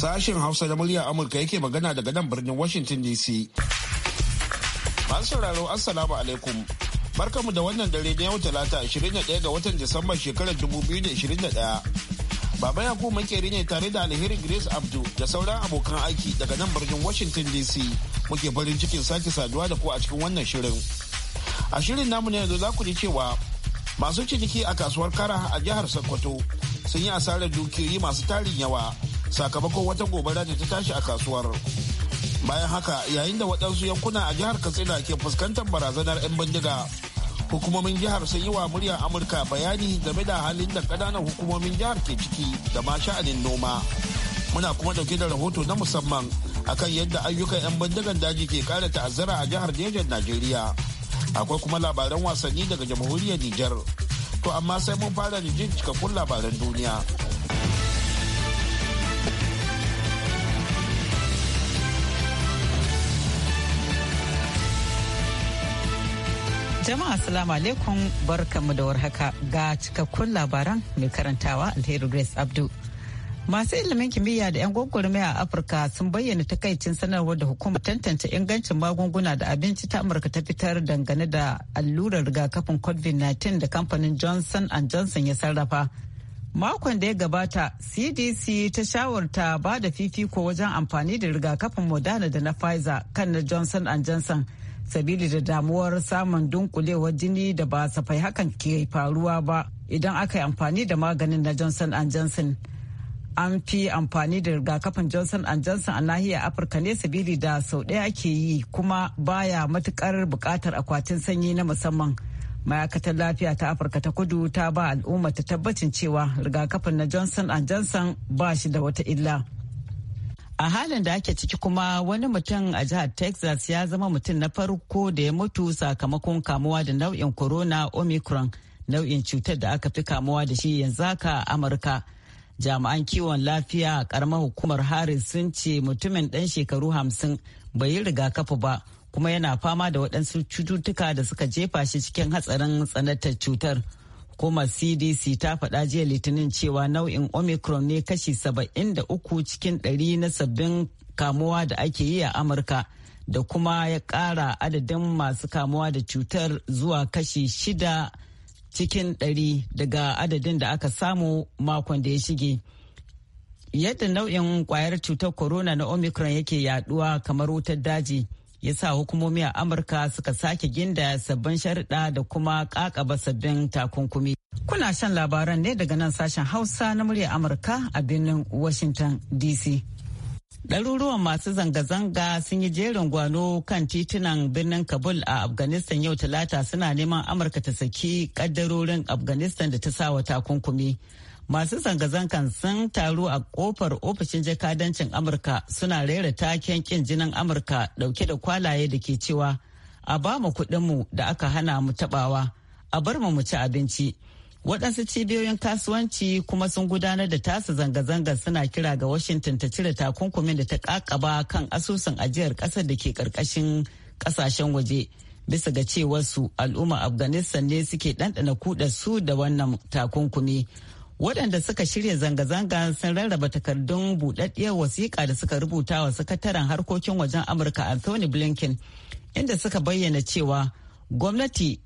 Sashen Hausa da murya Amurka yake magana daga nan birnin Washington DC. Masu sauraro Assalamu alaikum. Barkamu da wannan dare na yau talata 21 ga watan Disamba shekarar 2021. Baba Yakubu makeri ne tare da alheri Grace Abdu da sauran abokan aiki daga nan birnin Washington DC. Muke farin cikin sake saduwa da ku a cikin wannan shirin. A shirin namu na yanzu za ku ji cewa masu ciniki a kasuwar kara a jihar Sokoto sun yi asarar dukiyoyi masu tarin yawa sakamakon wata gobara da ta tashi a kasuwar bayan haka yayin da waɗansu yankuna a jihar katsina ke fuskantar barazanar 'yan bindiga hukumomin jihar sun yi wa muryar amurka bayani game da halin da ƙananan hukumomin jihar ke ciki da ma sha'anin noma muna kuma dauke da rahoto na musamman akan yadda ayyukan 'yan bindigan daji ke kara ta'azzara a jihar Nijar Najeriya. Akwai kuma labaran wasanni daga jamhuriyar Nijar. To amma sai mun fara da jin cikakkun labaran duniya. Jama'a salamu alaikum barkamu da warhaka ga cikakkun labaran mai karantawa Alheri Grace Abdu. Masu ilimin kimiyya da 'yan gwagwarmaya a Afirka sun bayyana takaicin sanarwar da hukumar tantance ingancin magunguna da abinci ta Amurka ta fitar dangane da allurar rigakafin COVID-19 da kamfanin Johnson Johnson ya sarrafa. Makon da ya gabata, CDC ta shawarta ba da fifiko wajen amfani da rigakafin Moderna da na Pfizer kan na Johnson Johnson. sabili da damuwar samun dunkulewar jini da ba safai hakan ke faruwa ba idan aka yi amfani da maganin na johnson and johnson an fi amfani da rigakafin johnson and johnson a nahiyar afirka ne sabili da sau ɗaya ake yi kuma baya matukar buƙatar akwatin sanyi na musamman ma'aikatar lafiya ta afirka ta kudu ta ba al'umma ta tabbacin cewa rigakafin na johnson and johnson ba shi da wata illa A halin da ake ciki kuma wani mutum a jihar Texas ya zama mutum na farko da ya mutu sakamakon kamuwa da nau'in corona omicron nau'in cutar da aka fi kamuwa da shi yanzu haka Amurka. Jami'an kiwon lafiya a karamar hukumar Harris sun ce mutumin ɗan shekaru hamsin bai yi rigakafi ba kuma yana fama da waɗansu cututtuka da suka jefa shi cikin hatsarin tsanantar cutar. hukumar cdc ta faɗa jiya litinin cewa nau'in omicron ne kashi 73 cikin 100 na sabbin kamuwa da ake yi a amurka da kuma ya ƙara adadin masu kamuwa da cutar zuwa kashi 6 cikin 100 daga adadin da aka samu makon da ya shige yadda nau'in kwayar cutar corona na omicron yake yaduwa kamar wutar daji ya sa hukumomi a Amurka suka sake ginda sabbin sharuɗa da kuma ƙaƙaba sabbin takunkumi. Kuna shan labaran ne daga nan sashen Hausa na murya Amurka a birnin Washington DC. Ɗaruruwan masu zanga-zanga sun yi jerin gwano kan titunan birnin Kabul a Afghanistan yau Talata suna neman Amurka ta saki ƙaddarorin Afghanistan da ta sa wa takunkumi. Masu zanga-zankan sun taru a kofar ofishin jakadancin Amurka suna rera taken kin jinin Amurka dauke da kwalaye da ke cewa a ba mu kuɗinmu da aka hana mu taɓawa, a bar mu mu ci abinci. Waɗansu cibiyoyin kasuwanci kuma sun gudanar da tasa zanga-zangar suna kira ga Washington ta cire takunkumin da ta kakaba kan asusun ajiyar ƙasar da ke ƙarƙashin ƙasashen waje. Bisa ga cewarsu al'umma Afghanistan ne suke ɗanɗana kuɗa su da wannan takunkumi. waɗanda suka shirya zanga-zanga sun rarraba takardun buɗaɗɗiyar wasiƙa da suka rubuta wa sakataren harkokin wajen amurka anthony blinken inda suka bayyana cewa gwamnati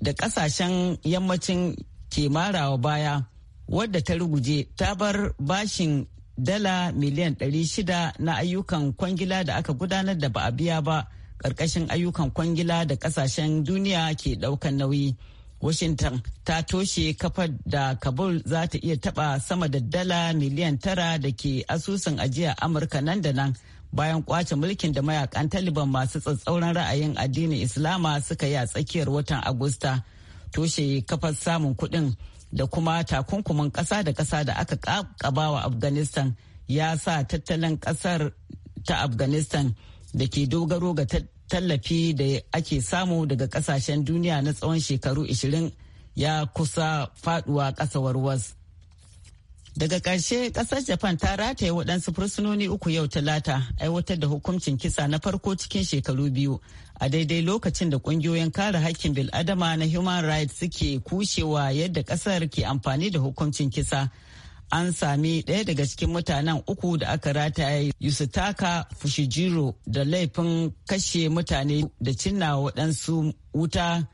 da ƙasashen yammacin ke marawa baya wadda ta ruguje ta bar bashin dala miliyan 600 na ayyukan kwangila da aka gudanar da ba a biya ba ƙarƙashin ayyukan kwangila da ƙasashen duniya ke ɗaukan nauyi. Washington ta toshe kafar da Kabul za ta iya taba sama da dala miliyan tara da ke asusun ajiya Amurka nan da nan bayan kwace mulkin da mayakan Taliban masu tsatsauran ra'ayin addinin Islama suka yi a tsakiyar watan Agusta. Toshe kafar samun kuɗin da kuma takunkumin ƙasa da ƙasa da aka kabawa Afghanistan ya sa tattalin ƙasar ta Afghanistan da ke dogaro ga tallafi da ake samu daga kasashen duniya na tsawon shekaru 20 ya kusa faduwa ƙasa warwas. Daga ƙarshe ƙasar Japan ta rataye waɗansu fursunoni uku yau talata aiwatar da hukuncin kisa na farko cikin shekaru biyu a daidai lokacin da ƙungiyoyin kare haƙƙin bil'adama na Human Rights suke kushewa yadda ƙasar ke amfani da hukuncin kisa. an sami ɗaya daga cikin mutanen uku da aka rataye Yusutaka Fushijiro da laifin kashe mutane da cinna waɗansu wuta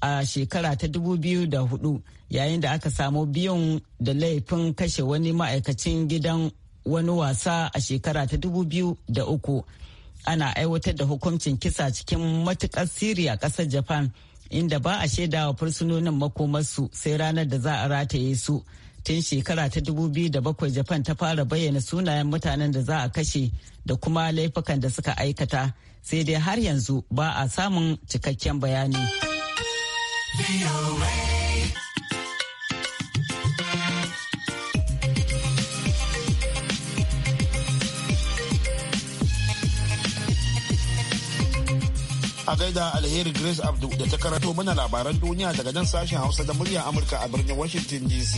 a shekara ta 2004 yayin da aka samu biyun da laifin kashe wani ma'aikacin gidan wani wasa a shekara ta 2003 ana aiwatar da hukuncin kisa cikin matukar siri a ƙasar japan inda ba a shaidawa fursunonin makomarsu sai ranar da za a rataye su. tun shekara ta biyu da bakwai japan ta fara bayyana sunayen mutanen da za a kashe da kuma laifukan da suka aikata sai dai har yanzu ba a samun cikakken bayani a gaida alheri grace abdu da ta karanto mana labaran duniya daga nan sashen hausa da muryar amurka a birnin washington dc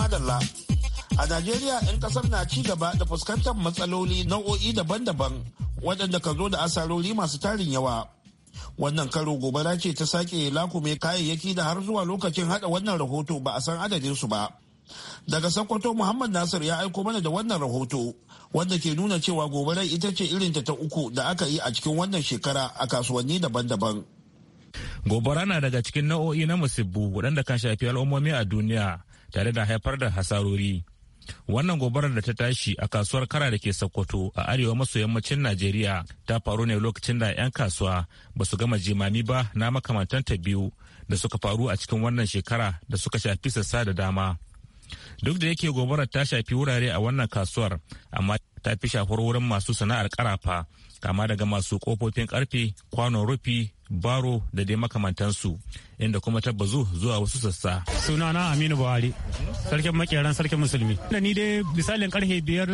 madalla. A Najeriya 'yan kasar na ci gaba da fuskantar matsaloli nau'o'i daban-daban waɗanda ka zo da asarori masu tarin yawa. Wannan karo gobara ce ta sake lakume kayayyaki da har zuwa lokacin haɗa wannan rahoto ba a san adadin su ba. Daga Sokoto Muhammad Nasir ya aiko mana da wannan rahoto wanda ke nuna cewa gobarar ita ce irin ta uku da aka yi a cikin wannan shekara a kasuwanni daban-daban. Gobara na daga cikin nau'o'i na musibbu waɗanda kan shafi al'ummomi a duniya tare da haifar da hasarori wannan gobarar da ta tashi a kasuwar kara da ke sokoto a arewa maso yammacin najeriya ta faru ne lokacin da 'yan kasuwa ba su gama jimami ba na ta biyu da suka faru a cikin wannan shekara da suka shafi sassa da dama duk da yake gobarar ta shafi wurare a wannan kasuwar amma ta fi shafar wurin masu sana'ar karafa kama daga masu kofofin karfe kwanon rufi baro da dai makamantansu inda kuma tabbazu zuwa wasu sassa. sunana aminu buhari sarkin makeran sarkin musulmi da ni dai misalin karfe biyar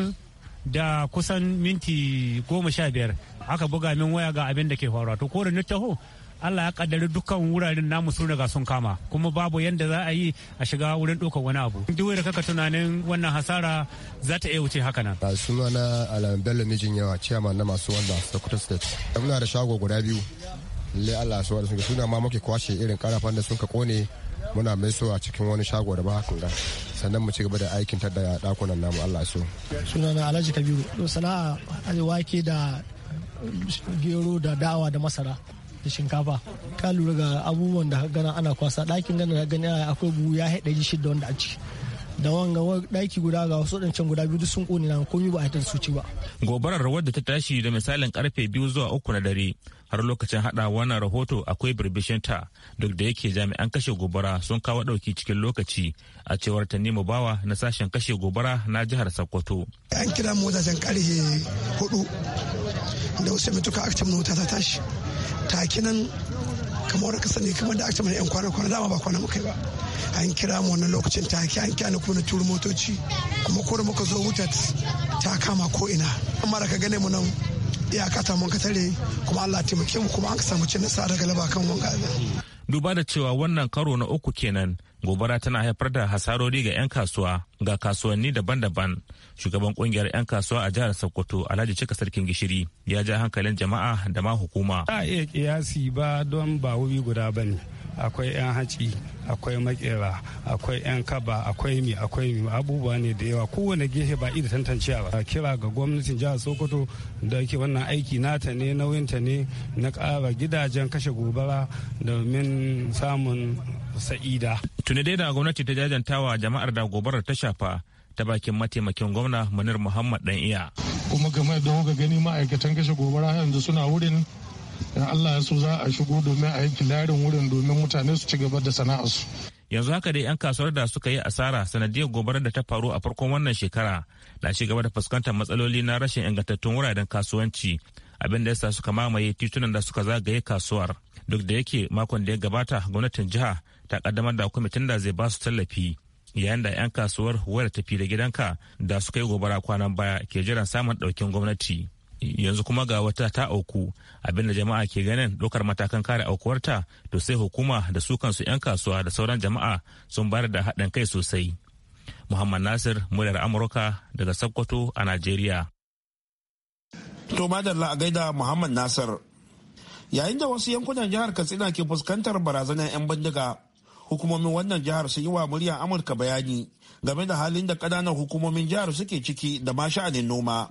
da kusan minti goma sha biyar aka buga min waya ga abin da ke faruwa to korin taho Allah ya kaddari dukkan wuraren namu sun riga sun kama kuma babu yadda za a yi a shiga wurin ɗaukar wani abu duk da kaka tunanin wannan hasara za ta iya wuce haka nan. suna na alamin bello mijin yawa ciyaman na masu wanda sokoto state muna da shago guda biyu lalle Allah su wani sun suna ma muke kwashe irin karafan da sun ka kone muna mai so a cikin wani shago da ba hakan ga sannan mu ci gaba da aikin ta da dakunan namu Allah so sunana Alhaji Kabiru to sana'a wake da gero da dawa da masara da shinkafa ka lura ga abubuwan da gana ana kwasa dakin gana da gani akwai buhu ya haɗa shidda wanda a ci da wanga daiki guda ga wasu ɗancan guda biyu sun ƙone na komi ba a yi su ci ba. Gobarar wadda ta tashi da misalin karfe biyu zuwa uku na dare har lokacin hada wannan rahoto akwai birbishinta duk da yake jami'an kashe gobara sun kawo dauki cikin lokaci a cewar nemo bawa na sashen kashe gobara na jihar sokoto an kira mu wajajen hudu da wasu mutuka akcin mota ta tashi takinan kamar ka sani kamar da akcin yan kwana kwana dama ba kwana muka ba an kira mu wannan lokacin ki an kira kuma na motoci kuma ko da muka zo wuta ta kama ko ina amma da ka gane mu nan iyakata mun ka kuma Allah taimake mu kuma an samu cin nasara daga laba kan wanga duba da cewa wannan karo na uku kenan gobara tana haifar da hasarori ga 'yan kasuwa ga kasuwanni daban-daban shugaban kungiyar 'yan kasuwa a jihar sokoto alhaji cika sarkin gishiri ya ja hankalin jama'a da ma hukuma a iya kiyasi ba don ba wuri guda ba ne akwai 'yan haci akwai makera akwai 'yan kaba akwai mi akwai mi abubuwa ne da yawa kowane gefe ba iya tantancewa ba kira ga gwamnatin jihar sokoto da ke wannan aiki nata ne nauyinta ne na kara gidajen kashe gobara domin samun sa'ida tuni dai da gwamnati ta jajanta wa jama'ar da gobarar ta shafa ta bakin mataimakin gwamna munir muhammad dan iya kuma game da kuka gani ma'aikatan kashe gobara yanzu suna wurin in allah ya so za a shigo domin a yanki larin wurin domin mutane su ci gaba da sana'arsu yanzu haka dai 'yan kasuwar da suka yi asara sanadiyar gobarar da ta faru a farkon wannan shekara na ci gaba da fuskantar matsaloli na rashin ingantattun wuraren kasuwanci abin da yasa suka mamaye titunan da suka zagaye kasuwar duk da yake makon da ya gabata gwamnatin jiha ta kaddamar da kwamitin da zai ba su tallafi yayin da 'yan kasuwar wayar tafi da gidanka da suka yi gobara kwanan baya ke jiran samun ɗaukin gwamnati yanzu kuma ga wata ta auku abinda jama'a ke ganin dokar matakan kare aukuwarta to sai hukuma da su kansu 'yan kasuwa da sauran jama'a sun bayar da haɗin kai sosai muhammad nasir muryar amurka daga sokoto a najeriya to madalla a gaida muhammad nasir yayin da wasu yankunan jihar katsina ke fuskantar barazanar 'yan bindiga hukumomin wannan jihar su yi wa muryar amurka bayani game da halin da ƙananan hukumomin jihar suke ciki da ma sha'anin noma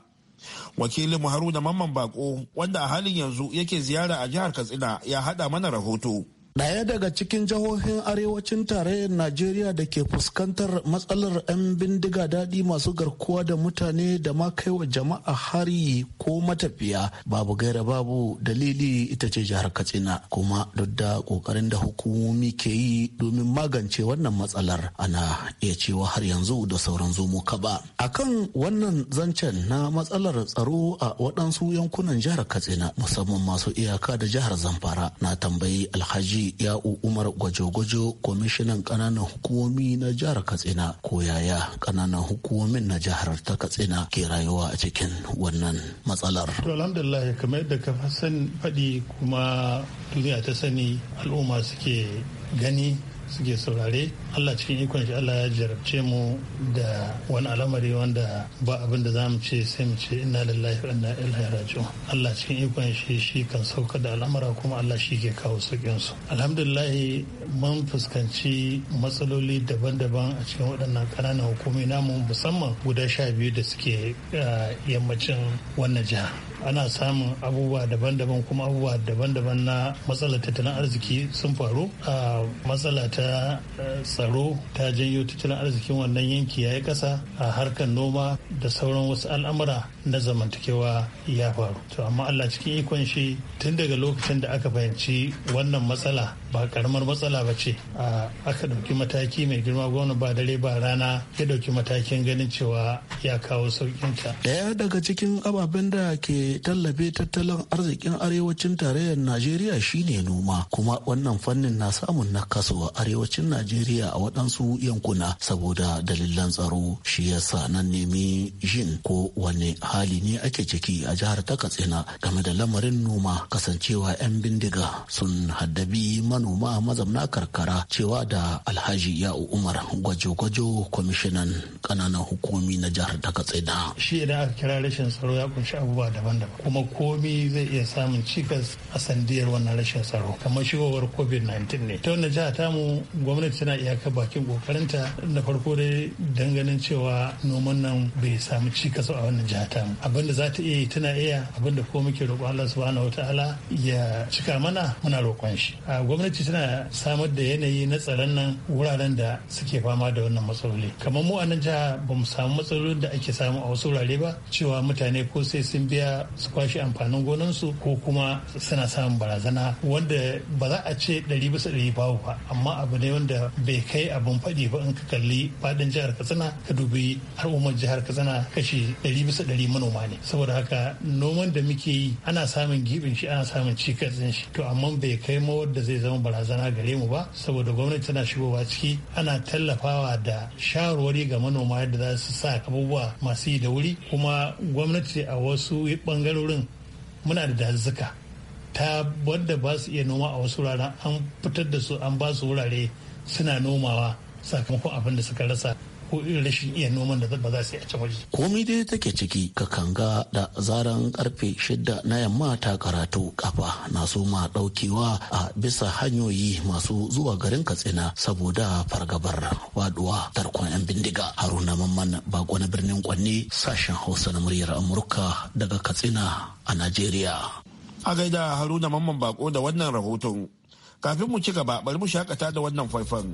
wakilin haruna mamman bako wanda a halin yanzu yake ziyara a jihar katsina ya hada mana rahoto Daya daga cikin jihohin arewacin tarayyar Najeriya da ke fuskantar matsalar 'yan bindiga daɗi masu garkuwa da mutane da ma kaiwa jama'a hari ko matafiya babu gaira babu dalili ita ce jihar Katsina kuma duk da ƙoƙarin da hukumomi ke yi domin magance wannan matsalar ana iya cewa har yanzu da sauran zomo A kan wannan zancen na matsalar tsaro a waɗansu yankunan jihar Katsina musamman masu iyaka da jihar Zamfara na tambayi Alhaji ya'u umar gwaje gwajo kwamishinan kananan hukumomi na jihar katsina ko yaya kananan hukumomin na jihar ta katsina ke rayuwa a cikin wannan matsalar to alhamdulillah kamar yadda ka faɗi kuma duniya ta sani al'umma suke gani suke saurare allah cikin ikon shi allah ya jarabce mu da wani al'amari wanda ba abin da za mu ce sai mu ce inna lillahi wa inna ilaihi raji'un allah cikin ikon shi shi kan sauka da al'amura kuma allah shi ke kawo sauƙin su alhamdulillah mun fuskanci matsaloli daban-daban a cikin waɗannan ƙananan hukumomi namu musamman guda sha biyu da suke eh, yammacin wannan jiha ana samun abubuwa daban-daban kuma abubuwa daban-daban na matsalar tattalin arziki sun faru a matsala ta eh, tsaro ta janyo tattalin arzikin wannan yanki ya yi ƙasa a harkar noma da sauran wasu al'amura na zamantakewa ya faru to amma allah cikin ikon shi tun daga lokacin da aka fahimci wannan matsala ba karamar matsala ba ce a aka ɗauki mataki mai girma gwamna ba dare ba rana ya ɗauki matakin ganin cewa ya kawo sauƙinta. Daya daga cikin ababen da ke tallabe tattalin arzikin arewacin tarayyar Najeriya shine noma kuma wannan fannin na samun nakasu a arewacin Najeriya a waɗansu yankuna saboda dalilan tsaro shi yasa nan nemi jin ko wani hali ne ake ciki a jihar ta Katsina game da lamarin noma kasancewa 'yan bindiga sun haddabi man manoma mazamna karkara cewa da alhaji ya'u umar gwajo-gwajo kwamishinan kananan hukumi na jihar ta katsina shi idan aka kira rashin tsaro ya kunshi abubuwa daban-daban kuma komi zai iya samun cikas a sandiyar wannan rashin tsaro kamar shigowar covid-19 ne ta wannan jiha tamu gwamnati tana iyaka bakin kokarinta na farko dai danganin cewa noman nan bai samu cikas a wannan jiha tamu abinda za ta iya yi tana iya abinda ko muke roƙon Allah subhanahu wataala ya cika mana muna roƙon shi gwamnati gwamnati tana samar da yanayi na tsaron nan wuraren da suke fama da wannan matsaloli kamar mu a nan jiha ba mu samu matsalolin da ake samu a wasu wurare ba cewa mutane ko sai sun biya su kwashe amfanin gonansu ko kuma suna samun barazana wanda ba za a ce ɗari bisa ɗari babu ba amma abu ne wanda bai kai abin faɗi ba in ka kalli faɗin jihar katsina ka dubi al'ummar jihar katsina kashi ɗari bisa ɗari manoma ne saboda haka noman da muke yi ana samun gibin shi ana samun cikas shi to amma bai kai mawar da zai zama barazana gare mu ba saboda gwamnati tana shigowa ciki ana tallafawa da shawarwari ga manoma yadda za su sa abubuwa masu yi da wuri kuma gwamnati a wasu bangarorin muna da dazuka ta wadda ba su iya noma a wasu wuraren an fitar da su an ba su wurare suna nomawa sakamakon abin da suka rasa ko irin rashin iya noman da ba za su yi a can waje. komai dai take ciki ka kanga da zaran karfe shida na yamma ta karatu kafa na so ma daukewa a bisa hanyoyi masu zuwa garin katsina saboda fargabar waduwa tarkon yan bindiga haruna mamman ba na birnin kwanne sashen hausa na muryar amurka daga katsina a najeriya a gaida haruna mamman bako da wannan rahoton kafin mu ci gaba bari mu shakata da wannan faifan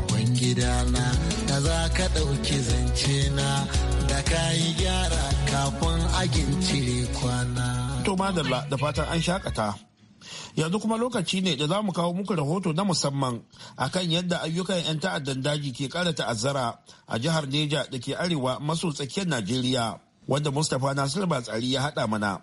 gidana da za ka ɗauki zance na da ka yi gyara kafin agin cire kwana. To madalla da fatan an shakata. Yanzu kuma lokaci ne da za mu kawo muku rahoto na musamman akan yadda ayyukan 'yan ta'addan daji ke ƙara ta'azzara a jihar Neja da ke arewa maso tsakiyar Najeriya wanda Mustapha Nasiru Batsari ya haɗa mana.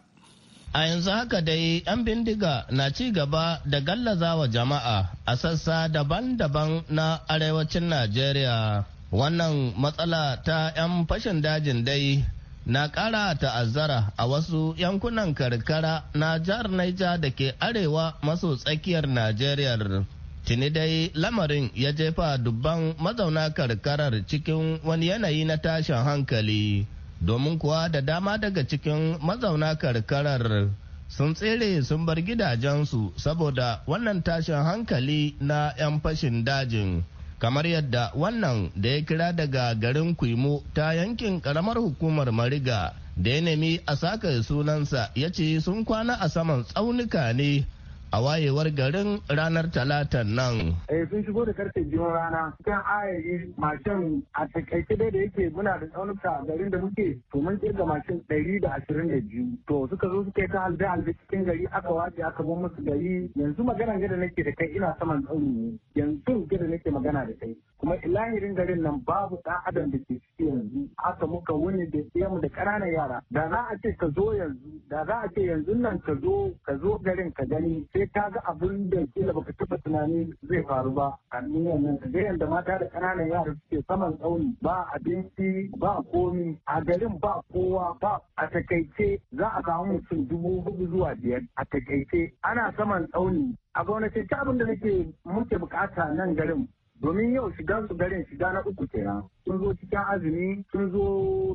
A yanzu haka dai 'yan bindiga na ci gaba da gallazawa jama'a a sassa daban-daban na arewacin Najeriya. Wannan matsala ta 'yan fashin dajin dai na ƙara ta'azzara a wasu yankunan karkara na jihar Naija da ke arewa maso tsakiyar Najeriya. Tuni dai lamarin ya jefa dubban mazauna karkarar cikin wani yanayi na tashin hankali. domin kuwa da dama daga cikin mazauna karkarar sun tsere sun bar gidajensu saboda wannan tashin hankali na 'yan fashin dajin kamar yadda wannan da ya kira daga garin kuimo ta yankin karamar hukumar mariga da ya nemi a saka sunansa ya ce sun kwana a saman tsaunuka ne a wayewar garin ranar Talata nan. Eh sun shigo da karfe biyun rana kan ayayi mashin a takaice dai da yake muna da tsaunuka garin da muke to mun kirga mashin ɗari da ashirin da biyu. To suka zo suka yi ta halbe halbe cikin gari aka wace aka bar musu gari yanzu magana gada nake da kai ina saman tsauni yanzu gida nake magana da kai. kuma ilahirin garin nan babu ɗan adam da ke ciki yanzu Aka muka wuni da tsayamu da ƙananan yara da za a ce ka zo yanzu da za a ce yanzu nan ka zo ka zo garin ka gani sai ka ga abin da kila baka taba tunani zai faru ba a duniyan nan ga yanda mata da ƙananan yara suke saman tsauni ba abinci ba komi a garin ba kowa ba a takaice za a samu mutum dubu hudu zuwa biyar a takaice ana saman tsauni a gwamnati ta abin da nake muke bukata nan garin domin yau shiga su garin shiga na uku kenan sun zo cikin azumi sun zo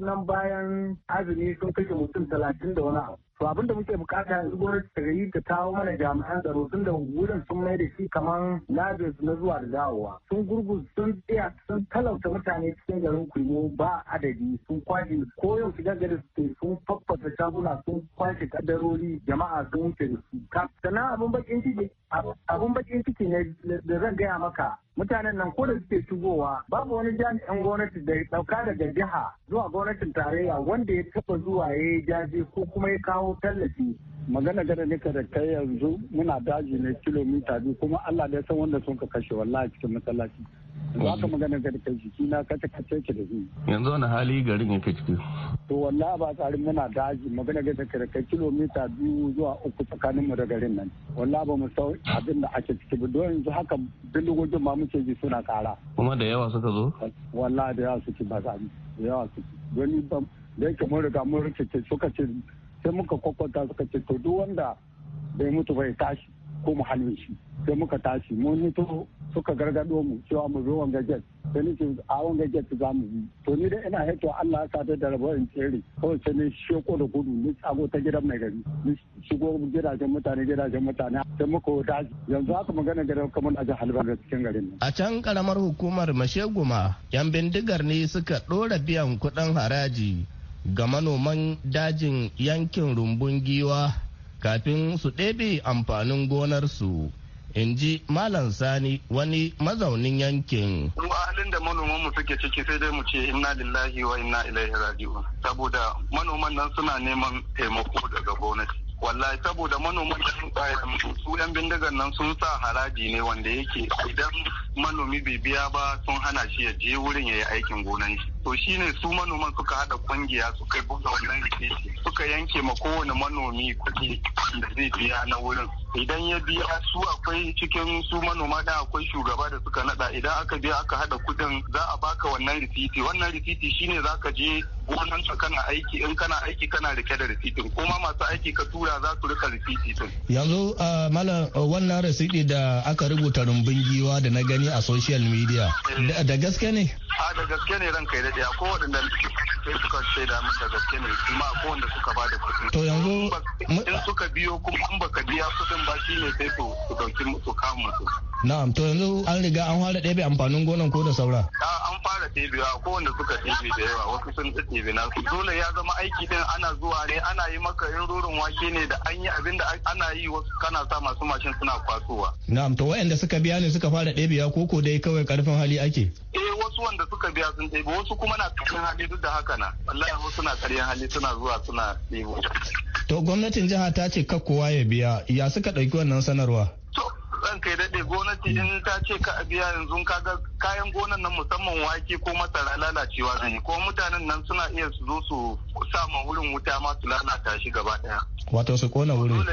nan bayan azumi sun kashe mutum talatin da wani abu to abin da muke bukata yanzu gwamnati ta ta kawo mana jami'an tsaro tun da wurin sun mai da shi kamar labis na zuwa da dawowa sun gurgu sun tsaya sun talauta mutane cikin garin kuyo ba adadi sun kwashe ko yau shiga gari su sun faffasa shaguna sun kwashe kadarori jama'a sun wuce da su sannan abin bakin ciki abin bakin ciki ne da zan gaya maka mutanen nan ko da suke shigowa babu wani jami'an gona gwamnati da ɗauka daga jiha zuwa gwamnatin tarayya wanda ya taɓa zuwa ya yi jaje ko kuma ya kawo tallafi magana gada ne da kai yanzu muna daji ne kilomita biyu kuma Allah da ya san wanda sun ka kashe wallahi cikin masallaci za ka magana ga kai jiki na kace kace ke da shi yanzu wani hali garin yake ciki to wallahi ba tsarin muna daji magana ga da kai kilomita biyu zuwa uku tsakanin mu da garin nan wallahi ba mu sau abin da ake ciki ba don yanzu haka bindigogin ma muke ji suna kara kuma da yawa suka zo wallahi da yawa suke ba tsari da yawa suke don ba da yake mun riga mun rikice suka ce sai muka kwakwata suka ce to duk wanda bai mutu bai tashi ko mu shi sai muka tashi mun hito suka gargado mu cewa mu zo wanga jet sai nace a wanga jet za mu yi to ni da ina hito Allah ya sata da rabo in tsere ko sai ni sheko da gudu ni tsago ta gidan mai gari ni shigo gidajen mutane gidajen mutane sai muka daji yanzu haka magana gidan kamar a jihar Bauchi cikin garin a can karamar hukumar Masheguma yan bindigar ne suka dora biyan kuɗin haraji ga manoman dajin yankin rumbun giwa kafin su ɗebe amfanin gonarsu in ji malam sani wani mazaunin yankin mu halin da manoman mu suke ciki sai dai mu ce inna lillahi wa inna ilaihi raji'un saboda manoman nan suna neman taimako daga gwamnati wallahi saboda manoman su yan bindigan nan sun sa haraji ne wanda yake idan manomi bai biya ba sun hana shi ya je wurin ya yi aikin gonan shi to shine su manoman suka hada kungiya kai buga wannan rikici suka yanke ma kowane manomi kuɗi da zai biya na wurin idan ya biya su akwai cikin su manoma da akwai shugaba da suka nada idan aka biya aka hada kuɗin za a baka wannan risiti wannan risiti shine za ka je ka kana aiki in kana aiki kana rike da risitin kuma masu aiki ka tura za su rika rikici din yanzu malam wannan risiti da aka rubuta rumbun giwa da na gani a social media eh. da gaske ne a da gaske ne ranka da daidai ko waɗanda sai suka shaida masa gaske ne kuma ko wanda suka ba da kuɗi. To yanzu in suka biyo kuma in baka biya kuɗin ba shine sai su ɗauki su kama su. Na'am to yanzu an riga an fara ɗebe amfanin gonan ko da saura. An fara ɗebewa ko wanda suka ɗebe da yawa wasu sun ɗebe na su dole ya zama aiki din ana zuwa ne ana yi maka yin rurin wake ne da an yi abin da ana yi wasu kana sa masu mashin suna kwasowa. Na'am to waɗanda suka biya ne suka fara ɗebewa ko ko dai kawai karfin hali ake. Eh wasu wanda suka biya sun ɗebe wasu kuma na karfin hali duk da haka na wallahi wasu na karyan hali suna zuwa suna ɗebo. To gwamnatin jiha ta ce kakkowa ya biya ya suka ɗauki wannan sanarwa. ranka kai daɗe gwamnati in ta ce ka a biya yanzu kaga kayan gonan nan musamman wake ko masara lalacewa zai ko mutanen nan suna iya su zo su sa ma wurin wuta ma su lalata shi gaba ɗaya. Wato su kona wurin.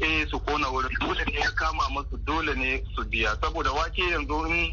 eh su kona wurin dole ne ya kama musu dole ne su biya saboda wake yanzu in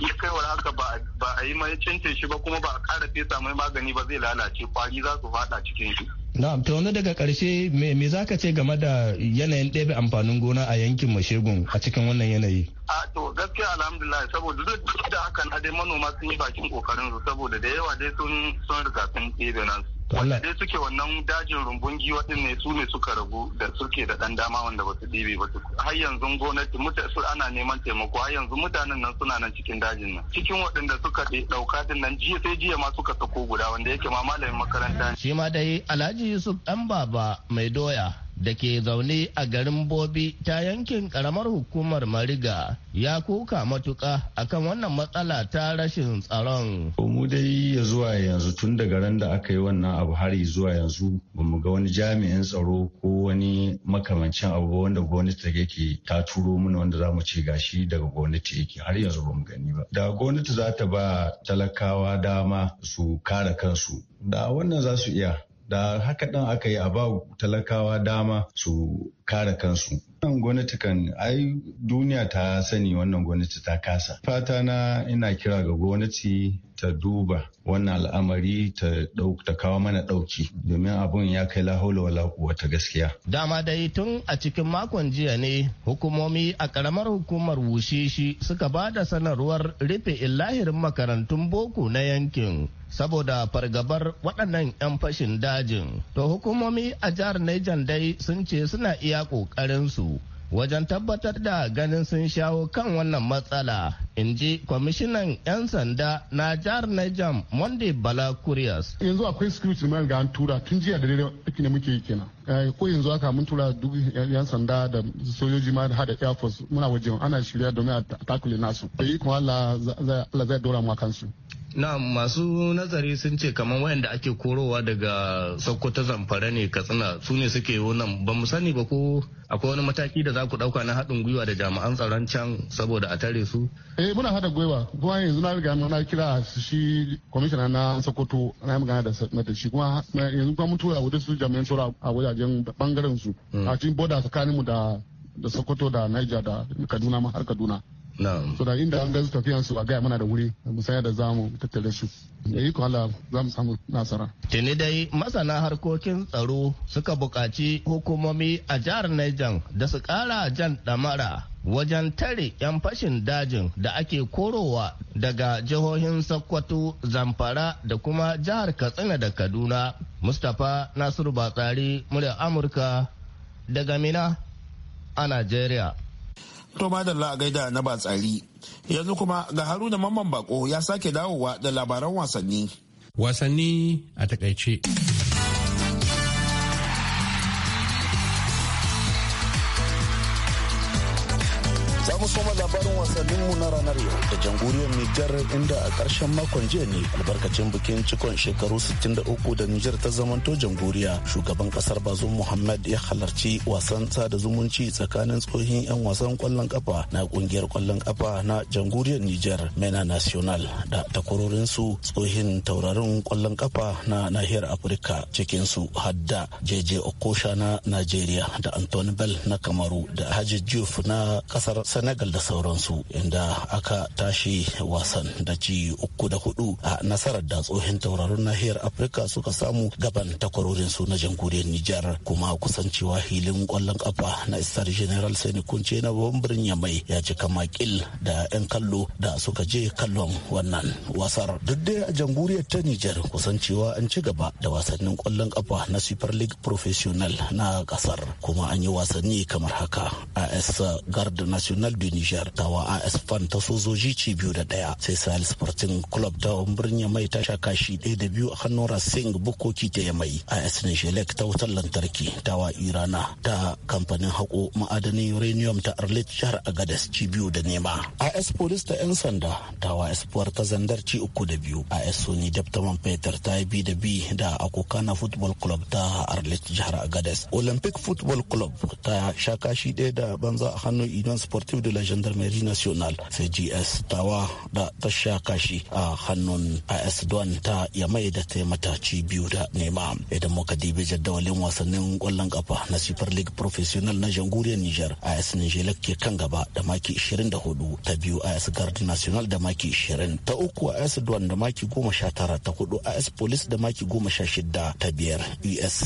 ya kai wa haka ba a yi mai cince shi ba kuma ba a kara fesa mai magani ba zai lalace kwari za su fada cikin shi Na'am, to wani daga ƙarshe me zaka ce game da yanayin ɗebe amfanin gona a yankin Mashegun a cikin wannan yanayi? a to gaskiya alhamdulillah saboda duk da haka na dai manoma sun yi bakin kokarin su saboda da yawa dai sun sun riga sun da nan wanda dai suke wannan dajin rumbun giwa din ne su ne suka ragu da suke da dan dama wanda ba su dibe ba su har yanzu gwamnati su ana neman taimako har yanzu mutanen nan suna nan cikin dajin nan cikin waɗanda suka ɗauka din nan jiya sai jiya ma suka sako guda wanda yake ma malamin makaranta shi ma dai Alhaji Yusuf dan baba mai doya da ke zaune a garin bobi ta yankin karamar hukumar mariga ya kuka matuka akan wannan matsala ta rashin tsaron mu dai ya zuwa yanzu tun daga ran da aka yi wannan abu har zuwa yanzu ba mu ga wani jami'in tsaro ko wani makamancin abu wanda gwamnati take ke ta turo mana wanda za mu ce gashi daga gwamnati yake har yanzu ba mu gani ba da gwamnati za ta ba talakawa dama su kare kansu da wannan za su iya da haka ɗin aka yi a ba talakawa dama su kare kansu. Wannan gwamnati kan ai duniya ta sani wannan gwamnati ta kasa. Fata na ina kira ga gwamnati ta duba wannan al'amari ta ta kawo mana ɗauki domin abun ya kai lahaula wala wata gaskiya. Dama dai tun a cikin makon jiya ne hukumomi a ƙaramar hukumar Wushishi suka ba da sanarwar rufe illahirin makarantun boko na yankin. saboda fargabar waɗannan 'yan fashin dajin. To hukumomi a jihar Niger dai sun ce suna iya ƙoƙarinsu wajen tabbatar da ganin sun shawo kan wannan matsala in ji kwamishinan 'yan sanda na jihar Niger Monday Bala Curious. Yanzu akwai security man ga an tura tun jiya da dare ake ne muke yi kenan. Eh, ko yanzu aka mun tura duk 'yan sanda da sojoji ma da Air Force muna waje ana shirya domin a takule nasu. Da yi kuma Allah zai dora mu kansu. na masu nazari sun ce kamar wayanda ake korowa daga sokoto zamfara ne katsina su ne suke wannan ba mu sani ba ko akwai wani mataki da za ku dauka na haɗin gwiwa da jami'an tsaron can saboda a tare su eh muna haɗa gwiwa kuma yanzu na riga na kira shi kwamishina na sokoto na yi magana da shi kuma yanzu kuma mutuwa a wajen su jami'an tsaro a wajajen bangaren su hmm. a cikin boda tsakaninmu da da sokoto da niger da kaduna ma har kaduna so da inda an gaza tafiyan su a gaya mana da wuri musaya da zamu tattale su da iko Allah za mu samu nasara tuni dai masana harkokin tsaro suka buƙaci hukumomi a jihar Niger da su ƙara jan ɗamara wajen tare 'yan fashin dajin da ake korowa daga jihohin Sokoto, Zamfara da kuma jihar Katsina da Kaduna. Mustapha Nasiru Batsari, murya Amurka daga Mina a Najeriya. To madalla a gaida na tsari. Yanzu kuma ga Haruna Mamman Bako ya sake dawowa da labaran wasanni. Wasanni a takaice. mu na ranar yau da jamhuriyar Nijar inda a karshen makon jiya ne albarkacin bikin cikon shekaru 63 da Nijar ta zamanto jamhuriya shugaban ƙasar Bazoum Muhammad ya halarci wasan sada zumunci tsakanin tsohin 'yan wasan kwallon kafa na ƙungiyar kwallon kafa na jamhuriyar Nijar MENA National da takwarorinsu tsohin taurarin kwallon kafa na nahiyar Afirka cikinsu hadda JJ Okosha na Najeriya da Anthony Bell na Kamaru da Haji Diouf na ƙasar Senegal da sauransu. inda aka tashi wasan da ci uku da hudu a nasarar da tsohon tauraron nahiyar afirka suka samu gaban takwarorin su na jamhuriyar nijar kuma kusancewa hilin kwallon kafa na star general sani kunce na babban birnin mai ya cika makil da 'yan kallo da suka je kallon wannan wasar duk da a jamhuriyar ta nijar kusancewa an ci gaba da wasannin kwallon kafa na super league professional na kasar kuma an yi wasanni kamar haka as guard national du niger tawa AS Fan ta sojoji ci biyu da ɗaya sai Sahel Sporting Club ta ya mai ta sha kashi ɗaya da biyu a hannun Racing Bukoki ta ya mai AS Nishelek ta wutar lantarki ta wa Irana ta kamfanin hako ma'adanin uranium ta Arlit jihar Agadez ci biyu da nema. AS Police ta 'yan sanda ta wa Espoir ta zandar ci uku da biyu. AS Sony Daptaman Peter ta yi bi da bi da Akokana Football Club ta Arlit jihar Agadez. Olympic Football Club ta sha kashi ɗaya da banza a hannun Union Sportive de la Gendarmerie Nationale national sai gs tawa da ta sha kashi a hannun as don ta ya mai da ta mataci biyu da nema idan muka dibi jadawalin wasannin kwallon kafa na super league professional na jamhuriyar niger as nigeria ke kan gaba da maki 24 ta biyu as guard national da maki 20 ta uku as don da maki 19 ta hudu as police da maki 16 ta biyar us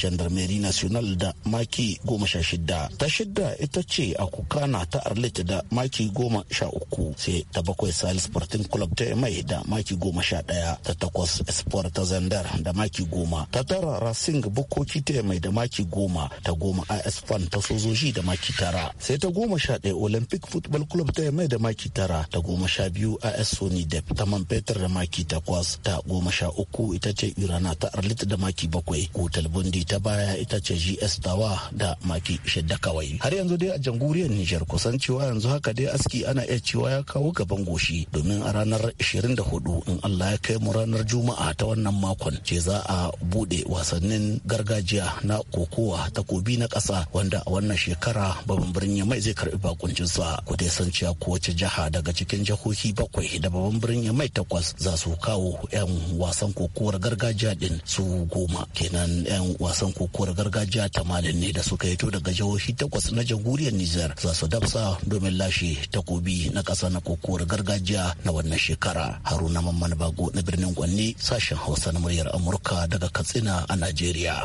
gendarmerie national da maki 16 ta shida ita ce a kukana ta arlit da maki 10 goma sha uku sai ta bakwai sahel sporting club ta mai da maki goma sha ɗaya ta takwas sport ta zandar da maki goma ta tara racing bukoki ta mai da maki goma ta goma is fan ta sojoji da maki tara sai ta goma sha ɗaya olympic football club ta mai da maki tara ta goma sha biyu is sony dep ta man fetur da maki takwas ta goma sha uku ita ce irana ta arlit da maki bakwai hotel bundi ta baya ita ce gs tawa da maki shidda kawai har yanzu dai a jamhuriyar niger kusan cewa yanzu haka dai aski aiki ana iya cewa ya kawo gaban goshi domin a ranar 24 in Allah ya kai mu ranar Juma'a ta wannan makon ce za a bude wasannin gargajiya na kokowa kobi na kasa wanda a wannan shekara babban birnin mai zai karbi bakuncin sa ku dai san cewa kowace jiha daga cikin jihohi bakwai da babban birnin mai takwas za su kawo 'yan wasan kokowar gargajiya din su goma kenan 'yan wasan kokowar gargajiya tamanin ne da suka to daga jihohi takwas na jamhuriyar Nijar za su dafsa domin lashe takobi na kasa na kokowar gargajiya na wannan shekara haruna mamman bago na birnin gwanne sashen hausa na muryar amurka daga katsina a nigeria.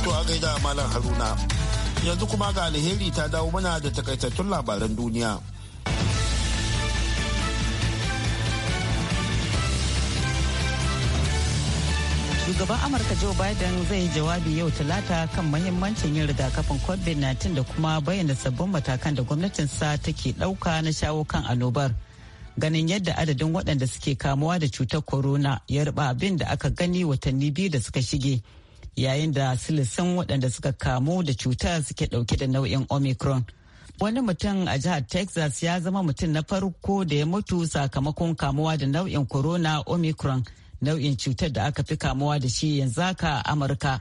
to malam haruna yanzu kuma ga alheri ta dawo mana da takaitattun labaran duniya shugaban amurka joe biden zai jawabi yau talata kan mahimmancin yin rigakafin covid-19 da kuma bayyana sabbin matakan da gwamnatin sa take dauka na shawo kan annobar ganin yadda adadin waɗanda suke kamuwa da cutar corona ya ruba abin da aka gani watanni biyu da suka shige yayin da silisan waɗanda suka kamu da cutar suke ɗauke da nau'in omicron wani mutum a jihar texas ya zama mutum na farko da ya mutu sakamakon kamuwa da nau'in corona omicron nau'in cutar da aka fi kamuwa da shi yanzu haka a amurka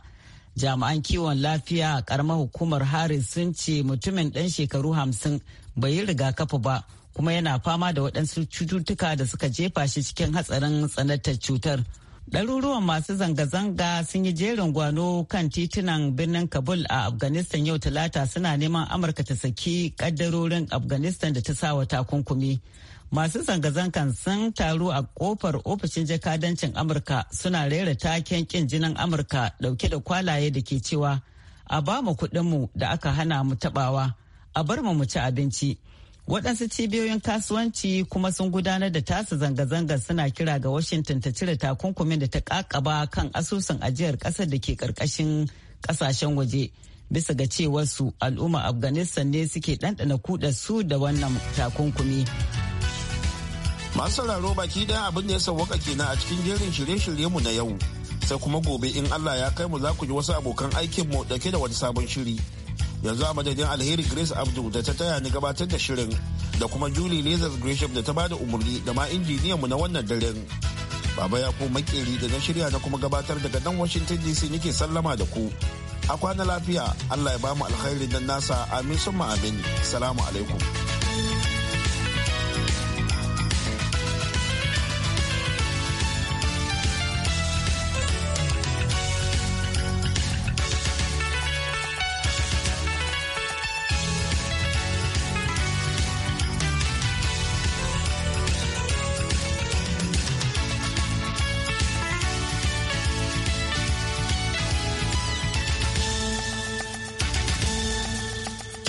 jami'an kiwon lafiya a karamar hukumar harris sun ce mutumin dan shekaru hamsin bai yi rigakafi ba kuma yana fama da waɗansu cututtuka da suka jefa shi cikin hatsarin tsanantar cutar ɗaruruwan masu zanga-zanga sun yi jerin gwano kan titunan birnin kabul a afghanistan yau talata suna neman amurka ta saki ƙaddarorin afghanistan da ta sa wa takunkumi masu zanga zankan sun taru a kofar ofishin jakadancin amurka suna rera taken kin jinin amurka dauke da kwalaye da ke cewa a ba mu kudinmu da aka hana mu tabawa a bar mu ci abinci waɗansu cibiyoyin kasuwanci kuma sun gudanar da tasu zanga zanga suna kira ga washington ta cire takunkumin da ta kakaba kan asusun ajiyar ƙasar da ke ƙarƙashin ƙasashen waje bisa ga cewarsu al'umma afghanistan ne suke ɗanɗana kuɗa su da wannan takunkumi masu sauraro baki ɗaya abin da ya sauwaka kenan a cikin jerin shirye shirye mu na yau sai kuma gobe in Allah ya kai mu za ku ji wasu abokan aikin mu dake da wani sabon shiri yanzu a madadin alheri grace abdu da ta taya ni gabatar da shirin da kuma julie lazar gresham da ta da umarni da ma injiniyan mu na wannan daren baba ya makeri da na shirya na kuma gabatar daga nan washington dc nake sallama da ku a kwana lafiya allah ya bamu alkhairin nan nasa amin summa amin salamu alaikum